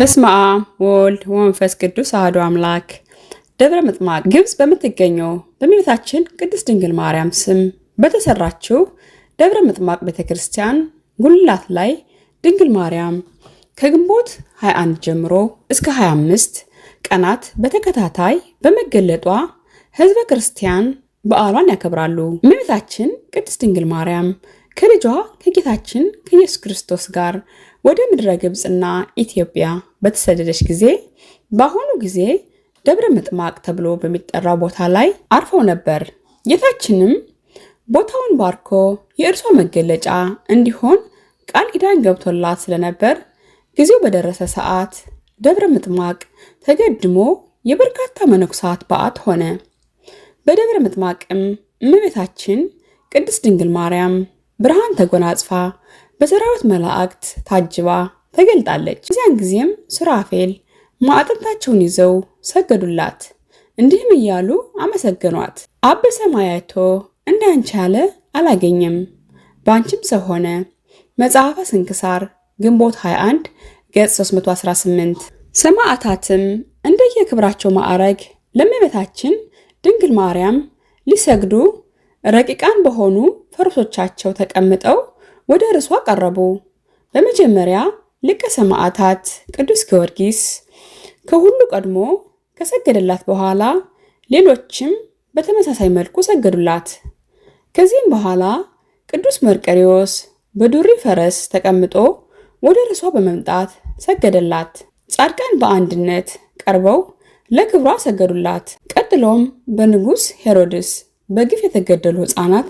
በስመ አብ ወወልድ ወመንፈስ ቅዱስ አሐዱ አምላክ። ደብረ ምጥማቅ ግብፅ በምትገኘው በእመቤታችን ቅድስት ድንግል ማርያም ስም በተሰራችው ደብረ ምጥማቅ ቤተ ክርስቲያን ጉልላት ላይ ድንግል ማርያም ከግንቦት 21 ጀምሮ እስከ 25 ቀናት በተከታታይ በመገለጧ ሕዝበ ክርስቲያን በዓሏን ያከብራሉ። እመቤታችን ቅድስት ድንግል ማርያም ከልጇ ከጌታችን ከኢየሱስ ክርስቶስ ጋር ወደ ምድረ ግብፅና ኢትዮጵያ በተሰደደች ጊዜ በአሁኑ ጊዜ ደብረ ምጥማቅ ተብሎ በሚጠራው ቦታ ላይ አርፈው ነበር። ጌታችንም ቦታውን ባርኮ የእርሷ መገለጫ እንዲሆን ቃል ኪዳን ገብቶላት ስለነበር ጊዜው በደረሰ ሰዓት ደብረ ምጥማቅ ተገድሞ የበርካታ መነኩሳት በዓት ሆነ። በደብረ ምጥማቅም እመቤታችን ቅድስት ድንግል ማርያም ብርሃን ተጎናጽፋ በሰራዊት መላእክት ታጅባ ተገልጣለች። እዚያን ጊዜም ሱራፌል ማዕጠንታቸውን ይዘው ሰገዱላት፣ እንዲህም እያሉ አመሰገኗት። አብ በሰማያቶ አይቶ ያለ አላገኘም፣ በአንቺም ሰው ሆነ። መጽሐፈ ስንክሳር ግንቦት 21 ገጽ 318። ሰማዕታትም እንደየክብራቸው ማዕረግ ለእመቤታችን ድንግል ማርያም ሊሰግዱ ረቂቃን በሆኑ ፈረሶቻቸው ተቀምጠው ወደ እርሷ አቀረቡ። በመጀመሪያ ሊቀ ሰማዕታት ቅዱስ ጊዮርጊስ ከሁሉ ቀድሞ ከሰገደላት በኋላ ሌሎችም በተመሳሳይ መልኩ ሰገዱላት። ከዚህም በኋላ ቅዱስ መርቀሪዎስ በዱሪ ፈረስ ተቀምጦ ወደ እርሷ በመምጣት ሰገደላት። ጻድቃን በአንድነት ቀርበው ለክብሯ ሰገዱላት። ቀጥሎም በንጉሥ ሄሮድስ በግፍ የተገደሉ ሕፃናት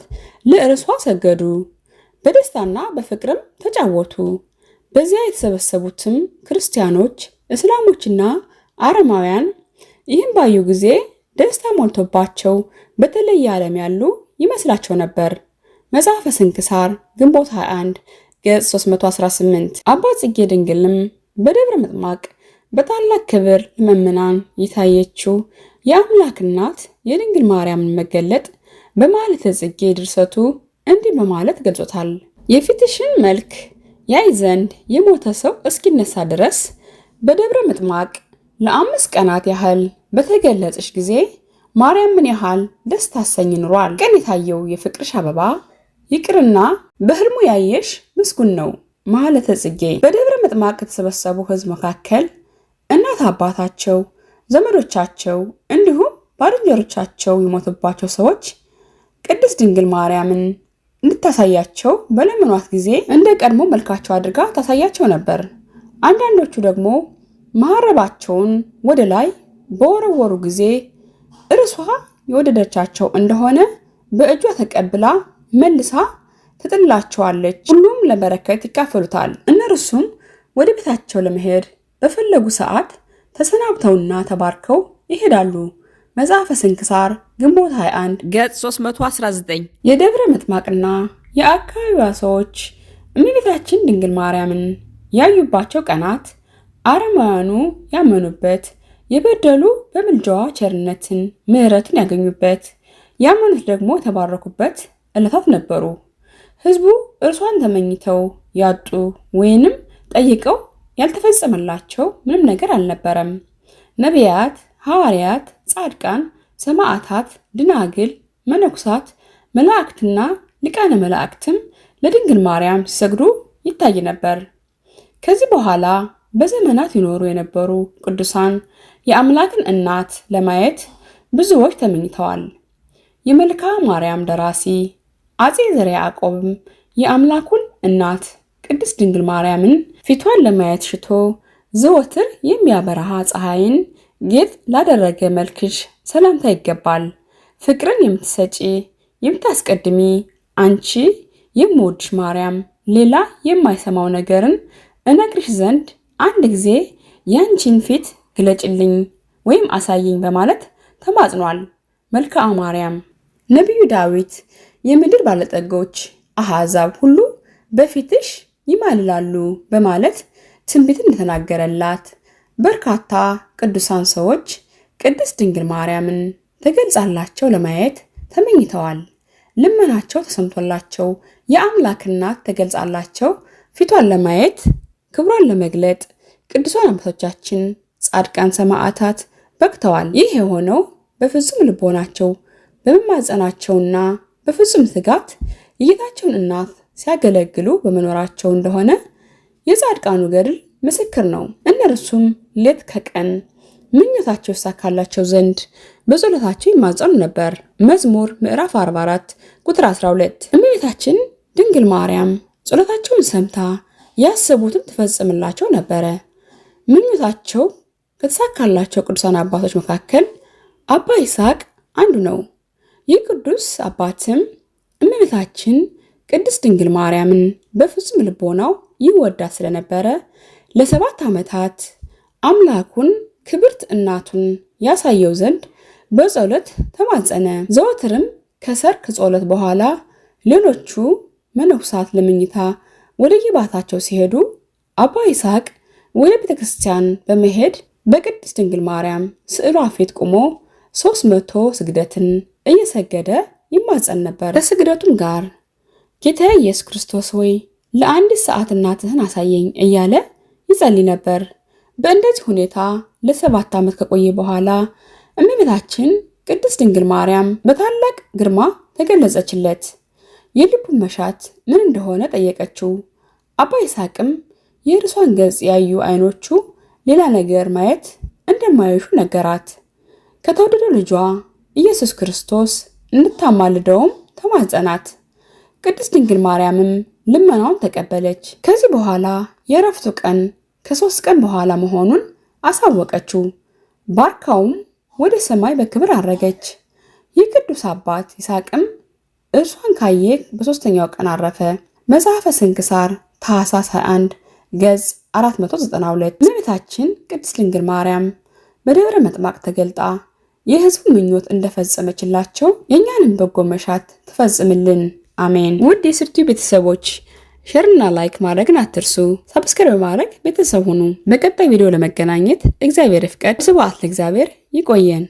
ለእርሷ ሰገዱ፣ በደስታና በፍቅርም ተጫወቱ። በዚያ የተሰበሰቡትም ክርስቲያኖች፣ እስላሞችና አረማውያን ይህም ባዩ ጊዜ ደስታ ሞልቶባቸው በተለየ ዓለም ያሉ ይመስላቸው ነበር። መጽሐፈ ስንክሳር ግንቦት 21 ገጽ 318። አባ ጽጌ ድንግልም በደብረ ምጥማቅ በታላቅ ክብር ለምእመናን የታየችው የአምላክ እናት የድንግል ማርያምን መገለጥ በማኅሌተ ጽጌ ድርሰቱ እንዲህ በማለት ገልጾታል። የፊትሽን መልክ ያይ ዘንድ የሞተ ሰው እስኪነሳ ድረስ በደብረ ምጥማቅ ለአምስት ቀናት ያህል በተገለጽሽ ጊዜ ማርያም ምን ያህል ደስ ታሰኝ ኑሯል። ቀን የታየው የፍቅርሽ አበባ ይቅርና በህልሙ ያየሽ ምስጉን ነው። ማኅሌተ ጽጌ በደብረ ምጥማቅ ከተሰበሰቡ ህዝብ መካከል እናት አባታቸው፣ ዘመዶቻቸው እንዲሁም ባልንጀሮቻቸው የሞቱባቸው ሰዎች ቅድስት ድንግል ማርያምን እንድታሳያቸው በለመኗት ጊዜ እንደ ቀድሞ መልካቸው አድርጋ ታሳያቸው ነበር። አንዳንዶቹ ደግሞ መሀረባቸውን ወደ ላይ በወረወሩ ጊዜ እርሷ የወደደቻቸው እንደሆነ በእጇ ተቀብላ መልሳ ትጥላቸዋለች። ሁሉም ለበረከት ይካፈሉታል። እነርሱም ወደ ቤታቸው ለመሄድ በፈለጉ ሰዓት ተሰናብተውና ተባርከው ይሄዳሉ። መጽሐፈ ስንክሳር ግንቦት 21 ገጽ 319። የደብረ ምጥማቅና የአካባቢዋ ሰዎች እመቤታችን ድንግል ማርያምን ያዩባቸው ቀናት አረማውያኑ ያመኑበት፣ የበደሉ በምልጃዋ ቸርነትን ምሕረትን ያገኙበት፣ ያመኑት ደግሞ የተባረኩበት ዕለታት ነበሩ። ሕዝቡ እርሷን ተመኝተው ያጡ ወይንም ጠይቀው ያልተፈጸመላቸው ምንም ነገር አልነበረም። ነቢያት፣ ሐዋርያት፣ ጻድቃን፣ ሰማዕታት፣ ድናግል፣ መነኩሳት፣ መላእክትና ሊቃነ መላእክትም ለድንግል ማርያም ሲሰግዱ ይታይ ነበር። ከዚህ በኋላ በዘመናት ይኖሩ የነበሩ ቅዱሳን የአምላክን እናት ለማየት ብዙዎች ተመኝተዋል። የመልክዓ ማርያም ደራሲ አፄ ዘርዓ ያዕቆብም የአምላኩን እናት ቅድስት ድንግል ማርያምን ፊቷን ለማየት ሽቶ ዘወትር የሚያበረሃ ፀሐይን ጌጥ ላደረገ መልክሽ ሰላምታ ይገባል። ፍቅርን የምትሰጪ የምታስቀድሚ አንቺ የምወድሽ ማርያም፣ ሌላ የማይሰማው ነገርን እነግርሽ ዘንድ አንድ ጊዜ ያንቺን ፊት ግለጭልኝ ወይም አሳይኝ በማለት ተማጽኗል። መልክዓ ማርያም ነቢዩ ዳዊት የምድር ባለጠጎች አሕዛብ ሁሉ በፊትሽ ይማልላሉ በማለት ትንቢት እንደተናገረላት በርካታ ቅዱሳን ሰዎች ቅድስት ድንግል ማርያምን ተገልጻላቸው ለማየት ተመኝተዋል። ልመናቸው ተሰምቶላቸው የአምላክ እናት ተገልጻላቸው ፊቷን ለማየት ክብሯን ለመግለጥ ቅዱሳን አባቶቻችን፣ ጻድቃን፣ ሰማዕታት በቅተዋል። ይህ የሆነው በፍጹም ልቦናቸው በመማጸናቸውና በፍጹም ትጋት የጌታቸውን እናት ሲያገለግሉ በመኖራቸው እንደሆነ የጻድቃኑ ገድል ምስክር ነው። እነርሱም ሌት ከቀን ምኞታቸው ይሳካላቸው ዘንድ በጸሎታቸው ይማጸኑ ነበር። መዝሙር ምዕራፍ 44 ቁጥር 12። እመቤታችን ድንግል ማርያም ጸሎታቸውን ሰምታ ያሰቡትን ትፈጽምላቸው ነበረ። ምኞታቸው ከተሳካላቸው ቅዱሳን አባቶች መካከል አባ ይስሐቅ አንዱ ነው። ይህ ቅዱስ አባትም እመቤታችን ቅድስት ድንግል ማርያምን በፍጹም ልቦናው ይወዳ ስለነበረ ለሰባት ዓመታት አምላኩን ክብርት እናቱን ያሳየው ዘንድ በጸሎት ተማጸነ። ዘወትርም ከሰርክ ጸሎት በኋላ ሌሎቹ መነኩሳት ለመኝታ ወደ የባታቸው ሲሄዱ አባ ይስሐቅ ወደ ቤተ ክርስቲያን በመሄድ በቅድስት ድንግል ማርያም ስዕሏ ፊት ቆሞ ሶስት መቶ ስግደትን እየሰገደ ይማጸን ነበር። ከስግደቱም ጋር ጌታ ኢየሱስ ክርስቶስ ሆይ ለአንድ ሰዓት እናትህን አሳየኝ እያለ ይጸልይ ነበር። በእንደዚህ ሁኔታ ለሰባት ዓመት ከቆየ በኋላ እመቤታችን ቅድስት ድንግል ማርያም በታላቅ ግርማ ተገለጸችለት። የልቡን መሻት ምን እንደሆነ ጠየቀችው። አባ ይስሐቅም የእርሷን ገጽ ያዩ አይኖቹ ሌላ ነገር ማየት እንደማይሹ ነገራት። ከተወደደው ልጇ ኢየሱስ ክርስቶስ እንድታማልደውም ተማጸናት። ቅድስት ድንግል ማርያምም ልመናውን ተቀበለች። ከዚህ በኋላ የእረፍቱ ቀን ከሶስት ቀን በኋላ መሆኑን አሳወቀችው። ባርካውም ወደ ሰማይ በክብር አረገች። ይህ ቅዱስ አባት ይስሐቅም እርሷን ካየ በሶስተኛው ቀን አረፈ። መጽሐፈ ስንክሳር ታኅሳስ 21 ገጽ 492 እመቤታችን ቅድስት ድንግል ማርያም በደብረ መጥማቅ ተገልጣ የሕዝቡ ምኞት እንደፈጸመችላቸው የእኛንም በጎ መሻት ትፈጽምልን። አሜን። ውድ የስርቱ ቤተሰቦች ሸርና ላይክ ማድረግን አትርሱ። ሳብስክራይብ በማድረግ ቤተሰብ ሁኑ። በቀጣይ ቪዲዮ ለመገናኘት እግዚአብሔር ይፍቀድ። ስብሐት ለእግዚአብሔር። ይቆየን።